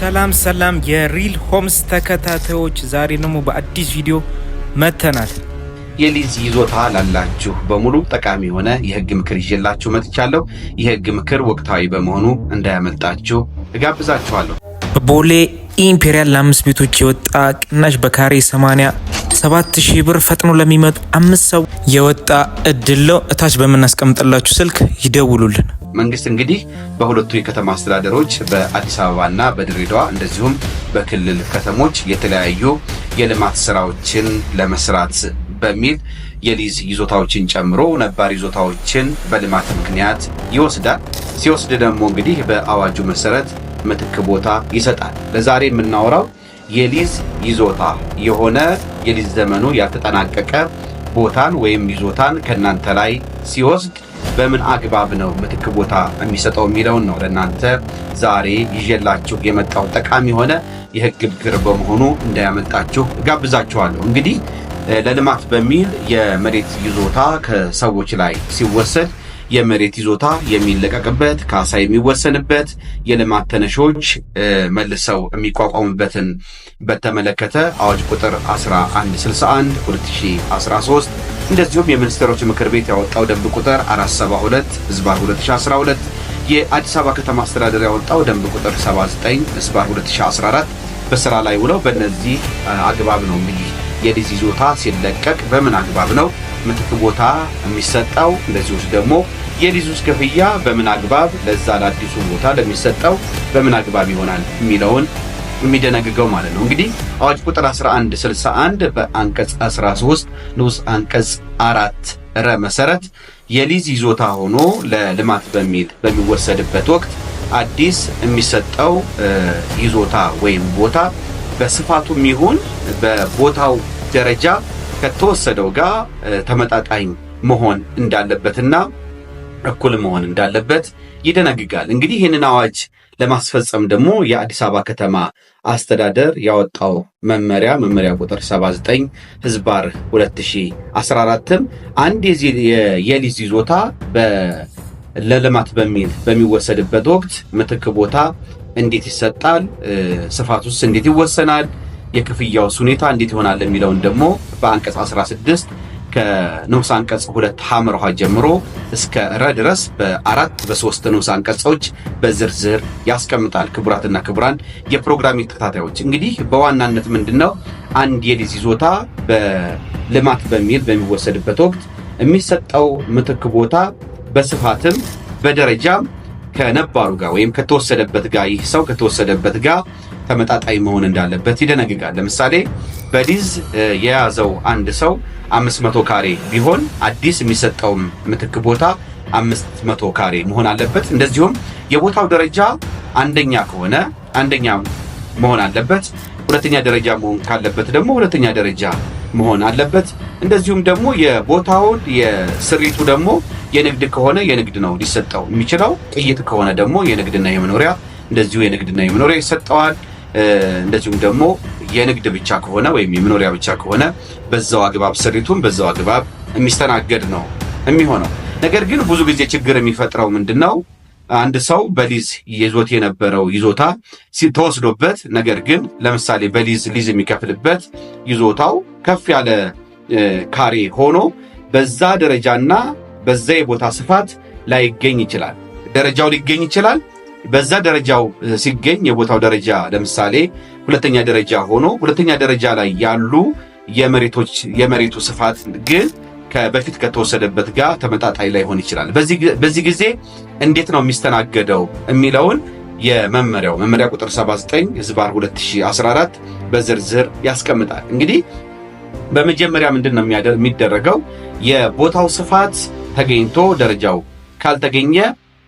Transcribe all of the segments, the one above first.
ሰላም ሰላም የሪል ሆምስ ተከታታዮች፣ ዛሬ ደግሞ በአዲስ ቪዲዮ መተናል። የሊዝ ይዞታ ላላችሁ በሙሉ ጠቃሚ የሆነ የህግ ምክር ይዤላችሁ መጥቻለሁ። የህግ ምክር ወቅታዊ በመሆኑ እንዳያመልጣችሁ እጋብዛችኋለሁ። ቦሌ ኢምፔሪያል ለአምስት ቤቶች የወጣ ቅናሽ በካሬ 87 ሺህ ብር ፈጥኖ ለሚመጡ አምስት ሰው የወጣ እድል ነው። እታች በምናስቀምጥላችሁ ስልክ ይደውሉልን። መንግስት እንግዲህ በሁለቱ የከተማ አስተዳደሮች በአዲስ አበባና በድሬዳዋ እንደዚሁም በክልል ከተሞች የተለያዩ የልማት ስራዎችን ለመስራት በሚል የሊዝ ይዞታዎችን ጨምሮ ነባር ይዞታዎችን በልማት ምክንያት ይወስዳል። ሲወስድ ደግሞ እንግዲህ በአዋጁ መሰረት ምትክ ቦታ ይሰጣል። ለዛሬ የምናወራው የሊዝ ይዞታ የሆነ የሊዝ ዘመኑ ያልተጠናቀቀ ቦታን ወይም ይዞታን ከእናንተ ላይ ሲወስድ በምን አግባብ ነው ምትክ ቦታ የሚሰጠው የሚለውን ነው ለእናንተ ዛሬ ይዤላችሁ የመጣው ጠቃሚ የሆነ የህግ ምክር በመሆኑ እንዳያመጣችሁ ጋብዛችኋለሁ። እንግዲህ ለልማት በሚል የመሬት ይዞታ ከሰዎች ላይ ሲወሰድ የመሬት ይዞታ የሚለቀቅበት፣ ካሳ የሚወሰንበት፣ የልማት ተነሾች መልሰው የሚቋቋሙበትን በተመለከተ አዋጅ ቁጥር 1161 2013 እንደዚሁም የሚኒስትሮች ምክር ቤት ያወጣው ደንብ ቁጥር 472 ህዝባር 2012 የአዲስ አበባ ከተማ አስተዳደር ያወጣው ደንብ ቁጥር 79 ህዝባር 2014 በስራ ላይ ውለው በእነዚህ አግባብ ነው እንግዲህ የሊዝ ይዞታ ሲለቀቅ በምን አግባብ ነው ምትክ ቦታ የሚሰጠው? እንደዚህ ውስጥ ደግሞ የሊዙስ ክፍያ በምን አግባብ ለዛ ለአዲሱ ቦታ ለሚሰጠው በምን አግባብ ይሆናል የሚለውን የሚደነግገው ማለት ነው። እንግዲህ አዋጅ ቁጥር 1161 በአንቀጽ 13 ንዑስ አንቀጽ አራት ረ መሰረት የሊዝ ይዞታ ሆኖ ለልማት በሚል በሚወሰድበት ወቅት አዲስ የሚሰጠው ይዞታ ወይም ቦታ በስፋቱም ይሁን በቦታው ደረጃ ከተወሰደው ጋር ተመጣጣኝ መሆን እንዳለበትና እኩል መሆን እንዳለበት ይደነግጋል። እንግዲህ ይህንን አዋጅ ለማስፈጸም ደግሞ የአዲስ አበባ ከተማ አስተዳደር ያወጣው መመሪያ መመሪያ ቁጥር 79 ህዝባር 2014ም አንድ የሊዝ ይዞታ ለልማት በሚል በሚወሰድበት ወቅት ምትክ ቦታ እንዴት ይሰጣል? ስፋት ውስጥ እንዴት ይወሰናል? የክፍያውስ ሁኔታ እንዴት ይሆናል? የሚለውን ደግሞ በአንቀጽ 16 ከንዑስ አንቀጽ ሁለት ሐምርሃ ጀምሮ እስከ ረ ድረስ በአራት በሶስት ንዑስ አንቀጾች በዝርዝር ያስቀምጣል። ክቡራትና ክቡራን የፕሮግራሚንግ ተከታታዮች እንግዲህ በዋናነት ምንድን ነው አንድ የሊዝ ይዞታ በልማት በሚል በሚወሰድበት ወቅት የሚሰጠው ምትክ ቦታ በስፋትም በደረጃም ከነባሩ ጋር ወይም ከተወሰደበት ጋር ይህ ሰው ከተወሰደበት ጋር ተመጣጣኝ መሆን እንዳለበት ይደነግጋል። ለምሳሌ በሊዝ የያዘው አንድ ሰው 500 ካሬ ቢሆን አዲስ የሚሰጠውም ምትክ ቦታ 500 ካሬ መሆን አለበት። እንደዚሁም የቦታው ደረጃ አንደኛ ከሆነ አንደኛ መሆን አለበት። ሁለተኛ ደረጃ መሆን ካለበት ደግሞ ሁለተኛ ደረጃ መሆን አለበት። እንደዚሁም ደግሞ የቦታውን የስሪቱ ደግሞ የንግድ ከሆነ የንግድ ነው ሊሰጠው የሚችለው። ቅይጥ ከሆነ ደግሞ የንግድና የመኖሪያ እንደዚሁ የንግድና የመኖሪያ ይሰጠዋል። እንደዚሁም ደግሞ የንግድ ብቻ ከሆነ ወይም የመኖሪያ ብቻ ከሆነ በዛው አግባብ ስሪቱን በዛው አግባብ የሚስተናገድ ነው የሚሆነው። ነገር ግን ብዙ ጊዜ ችግር የሚፈጥረው ምንድን ነው? አንድ ሰው በሊዝ ይዞት የነበረው ይዞታ ተወስዶበት፣ ነገር ግን ለምሳሌ በሊዝ ሊዝ የሚከፍልበት ይዞታው ከፍ ያለ ካሬ ሆኖ በዛ ደረጃና በዛ የቦታ ስፋት ላይገኝ ይችላል። ደረጃው ሊገኝ ይችላል በዛ ደረጃው ሲገኝ የቦታው ደረጃ ለምሳሌ ሁለተኛ ደረጃ ሆኖ ሁለተኛ ደረጃ ላይ ያሉ የመሬቶች የመሬቱ ስፋት ግን በፊት ከተወሰደበት ጋር ተመጣጣኝ ላይሆን ይችላል። በዚህ ጊዜ እንዴት ነው የሚስተናገደው የሚለውን የመመሪያው መመሪያ ቁጥር 79 ህዝባር 2014 በዝርዝር ያስቀምጣል። እንግዲህ በመጀመሪያ ምንድን ነው የሚደረገው? የቦታው ስፋት ተገኝቶ ደረጃው ካልተገኘ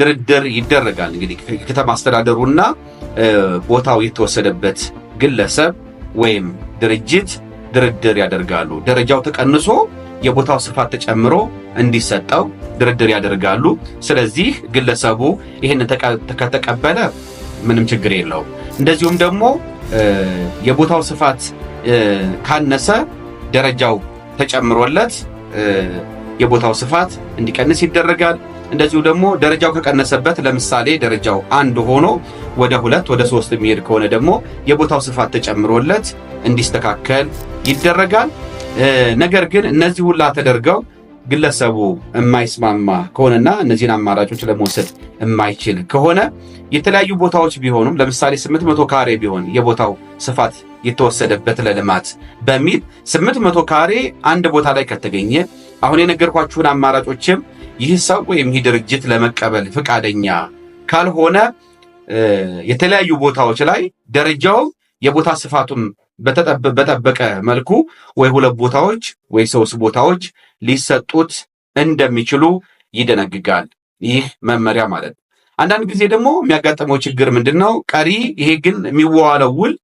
ድርድር ይደረጋል። እንግዲህ ከተማ አስተዳደሩና ቦታው የተወሰደበት ግለሰብ ወይም ድርጅት ድርድር ያደርጋሉ። ደረጃው ተቀንሶ የቦታው ስፋት ተጨምሮ እንዲሰጠው ድርድር ያደርጋሉ። ስለዚህ ግለሰቡ ይህንን ከተቀበለ ምንም ችግር የለውም። እንደዚሁም ደግሞ የቦታው ስፋት ካነሰ ደረጃው ተጨምሮለት የቦታው ስፋት እንዲቀንስ ይደረጋል። እንደዚሁ ደግሞ ደረጃው ከቀነሰበት ለምሳሌ ደረጃው አንድ ሆኖ ወደ ሁለት ወደ ሶስት የሚሄድ ከሆነ ደግሞ የቦታው ስፋት ተጨምሮለት እንዲስተካከል ይደረጋል። ነገር ግን እነዚህ ሁላ ተደርገው ግለሰቡ የማይስማማ ከሆነና እነዚህን አማራጮች ለመውሰድ የማይችል ከሆነ የተለያዩ ቦታዎች ቢሆኑም ለምሳሌ 800 መቶ ካሬ ቢሆን የቦታው ስፋት የተወሰደበት ለልማት በሚል 800 ካሬ አንድ ቦታ ላይ ከተገኘ አሁን የነገርኳችሁን አማራጮችም ይህ ሰው ወይም ይህ ድርጅት ለመቀበል ፈቃደኛ ካልሆነ የተለያዩ ቦታዎች ላይ ደረጃውም የቦታ ስፋቱም በጠበቀ መልኩ ወይ ሁለት ቦታዎች ወይ ሶስት ቦታዎች ሊሰጡት እንደሚችሉ ይደነግጋል። ይህ መመሪያ ማለት ነው። አንዳንድ ጊዜ ደግሞ የሚያጋጥመው ችግር ምንድን ነው? ቀሪ ይሄ ግን የሚዋዋለው ውል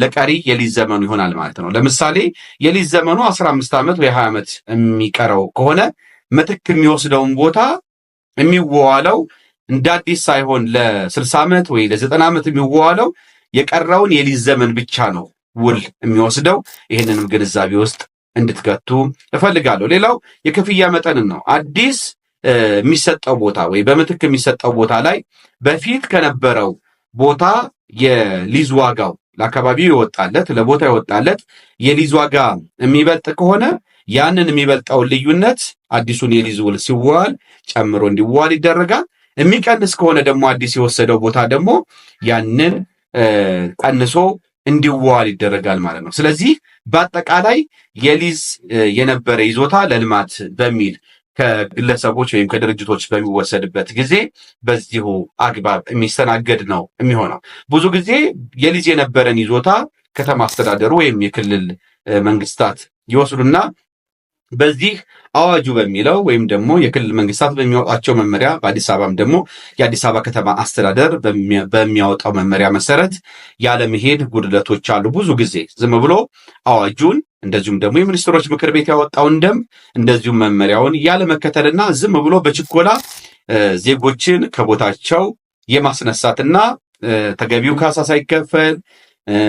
ለቀሪ የሊዝ ዘመኑ ይሆናል ማለት ነው። ለምሳሌ የሊዝ ዘመኑ 15 አምስት ዓመት ወይ 20 ዓመት የሚቀረው ከሆነ ምትክ የሚወስደውን ቦታ የሚዋዋለው እንደ አዲስ ሳይሆን ለ60 ዓመት ወይ ለዘጠና ዓመት የሚዋዋለው የቀረውን የሊዝ ዘመን ብቻ ነው ውል የሚወስደው። ይህንንም ግንዛቤ ውስጥ እንድትገቱ እፈልጋለሁ። ሌላው የክፍያ መጠንን ነው። አዲስ የሚሰጠው ቦታ ወይ በምትክ የሚሰጠው ቦታ ላይ በፊት ከነበረው ቦታ የሊዝ ዋጋው ለአካባቢው ይወጣለት ለቦታ ይወጣለት የሊዝ ዋጋ የሚበልጥ ከሆነ ያንን የሚበልጠውን ልዩነት አዲሱን የሊዝ ውል ሲዋል ጨምሮ እንዲዋል ይደረጋል። የሚቀንስ ከሆነ ደግሞ አዲስ የወሰደው ቦታ ደግሞ ያንን ቀንሶ እንዲዋል ይደረጋል ማለት ነው። ስለዚህ በአጠቃላይ የሊዝ የነበረ ይዞታ ለልማት በሚል ከግለሰቦች ወይም ከድርጅቶች በሚወሰድበት ጊዜ በዚሁ አግባብ የሚስተናገድ ነው የሚሆነው። ብዙ ጊዜ የሊዝ የነበረን ይዞታ ከተማ አስተዳደሩ ወይም የክልል መንግስታት ይወስዱና በዚህ አዋጁ በሚለው ወይም ደግሞ የክልል መንግስታት በሚያወጣቸው መመሪያ በአዲስ አበባም ደግሞ የአዲስ አበባ ከተማ አስተዳደር በሚያወጣው መመሪያ መሰረት ያለመሄድ ጉድለቶች አሉ። ብዙ ጊዜ ዝም ብሎ አዋጁን እንደዚሁም ደግሞ የሚኒስትሮች ምክር ቤት ያወጣውን ደንብ እንደዚሁም መመሪያውን ያለመከተልና ዝም ብሎ በችኮላ ዜጎችን ከቦታቸው የማስነሳትና ተገቢው ካሳ ሳይከፈል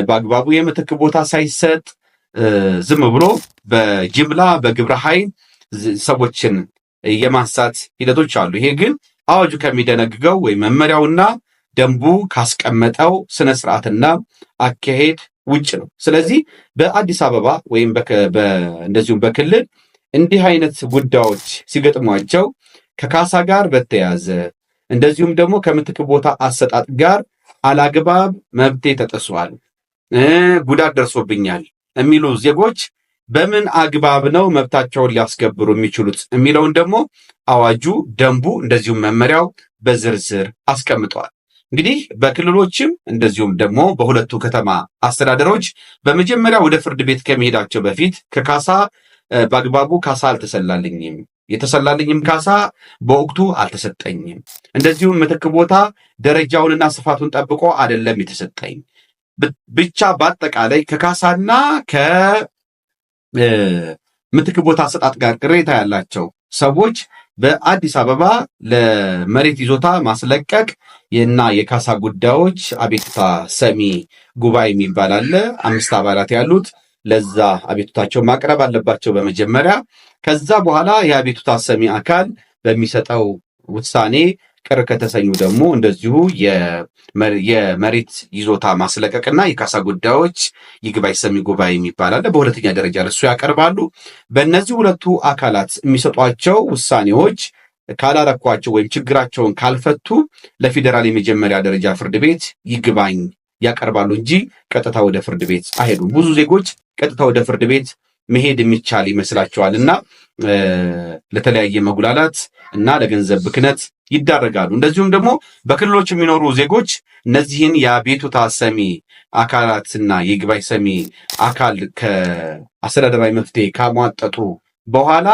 በአግባቡ የምትክ ቦታ ሳይሰጥ ዝም ብሎ በጅምላ በግብረ ኃይል ሰዎችን የማንሳት ሂደቶች አሉ። ይሄ ግን አዋጁ ከሚደነግገው ወይም መመሪያውና ደንቡ ካስቀመጠው ስነስርዓትና አካሄድ ውጭ ነው። ስለዚህ በአዲስ አበባ ወይም እንደዚሁም በክልል እንዲህ አይነት ጉዳዮች ሲገጥሟቸው ከካሳ ጋር በተያያዘ እንደዚሁም ደግሞ ከምትክ ቦታ አሰጣጥ ጋር አላግባብ መብቴ ተጥሷል፣ ጉዳት ደርሶብኛል የሚሉ ዜጎች በምን አግባብ ነው መብታቸውን ሊያስከብሩ የሚችሉት የሚለውን ደግሞ አዋጁ፣ ደንቡ እንደዚሁም መመሪያው በዝርዝር አስቀምጠዋል። እንግዲህ በክልሎችም እንደዚሁም ደግሞ በሁለቱ ከተማ አስተዳደሮች በመጀመሪያ ወደ ፍርድ ቤት ከመሄዳቸው በፊት ከካሳ በአግባቡ ካሳ አልተሰላልኝም የተሰላልኝም ካሳ በወቅቱ አልተሰጠኝም፣ እንደዚሁም ምትክ ቦታ ደረጃውንና ስፋቱን ጠብቆ አይደለም የተሰጠኝ ብቻ በአጠቃላይ ከካሳና ከምትክ ቦታ አሰጣጥ ጋር ቅሬታ ያላቸው ሰዎች በአዲስ አበባ ለመሬት ይዞታ ማስለቀቅ እና የካሳ ጉዳዮች አቤቱታ ሰሚ ጉባኤ የሚባል አለ። አምስት አባላት ያሉት ለዛ አቤቱታቸው ማቅረብ አለባቸው በመጀመሪያ። ከዛ በኋላ የአቤቱታ ሰሚ አካል በሚሰጠው ውሳኔ ቅር ከተሰኙ ደግሞ እንደዚሁ የመሬት ይዞታ ማስለቀቅና የካሳ ጉዳዮች ይግባኝ ሰሚ ጉባኤ የሚባል አለ። በሁለተኛ ደረጃ ለሱ ያቀርባሉ። በእነዚህ ሁለቱ አካላት የሚሰጧቸው ውሳኔዎች ካላረኳቸው ወይም ችግራቸውን ካልፈቱ ለፌዴራል የመጀመሪያ ደረጃ ፍርድ ቤት ይግባኝ ያቀርባሉ እንጂ ቀጥታ ወደ ፍርድ ቤት አይሄዱም። ብዙ ዜጎች ቀጥታ ወደ ፍርድ ቤት መሄድ የሚቻል ይመስላቸዋል እና ለተለያየ መጉላላት እና ለገንዘብ ብክነት ይዳረጋሉ። እንደዚሁም ደግሞ በክልሎች የሚኖሩ ዜጎች እነዚህን የአቤቱታ ሰሚ አካላትና የይግባኝ ሰሚ አካል ከአስተዳደራዊ መፍትሄ ካሟጠጡ በኋላ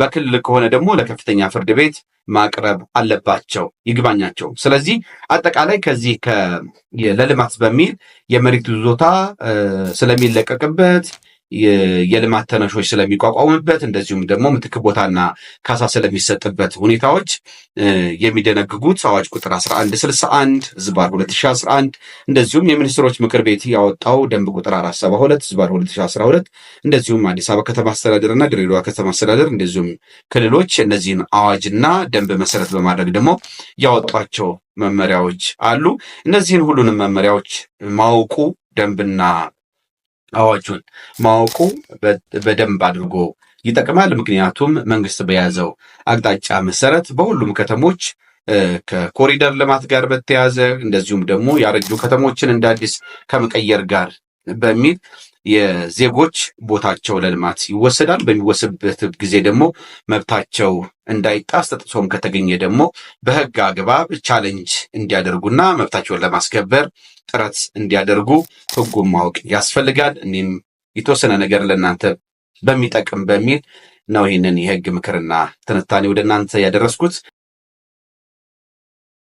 በክልል ከሆነ ደግሞ ለከፍተኛ ፍርድ ቤት ማቅረብ አለባቸው ይግባኛቸው። ስለዚህ አጠቃላይ ከዚህ ለልማት በሚል የመሬት ይዞታ ስለሚለቀቅበት የልማት ተነሾች ስለሚቋቋሙበት እንደዚሁም ደግሞ ምትክ ቦታና ካሳ ስለሚሰጥበት ሁኔታዎች የሚደነግጉት አዋጅ ቁጥር 1161 ዝባር 2011 እንደዚሁም የሚኒስትሮች ምክር ቤት ያወጣው ደንብ ቁጥር 472 ዝባር 2012 እንደዚሁም አዲስ አበባ ከተማ አስተዳደር እና ድሬዳዋ ከተማ አስተዳደር እንደዚሁም ክልሎች እነዚህን አዋጅና ደንብ መሰረት በማድረግ ደግሞ ያወጧቸው መመሪያዎች አሉ። እነዚህን ሁሉንም መመሪያዎች ማውቁ ደንብና አዋጁን ማወቁ በደንብ አድርጎ ይጠቅማል። ምክንያቱም መንግስት በያዘው አቅጣጫ መሰረት በሁሉም ከተሞች ከኮሪደር ልማት ጋር በተያዘ እንደዚሁም ደግሞ ያረጁ ከተሞችን እንደ አዲስ ከመቀየር ጋር በሚል የዜጎች ቦታቸው ለልማት ይወሰዳል። በሚወሰድበት ጊዜ ደግሞ መብታቸው እንዳይጣስ ተጥሶም ከተገኘ ደግሞ በህግ አግባብ ቻለንጅ እንዲያደርጉና መብታቸውን ለማስከበር ጥረት እንዲያደርጉ ህጉን ማወቅ ያስፈልጋል። እኔም የተወሰነ ነገር ለእናንተ በሚጠቅም በሚል ነው ይህንን የህግ ምክርና ትንታኔ ወደ እናንተ ያደረስኩት።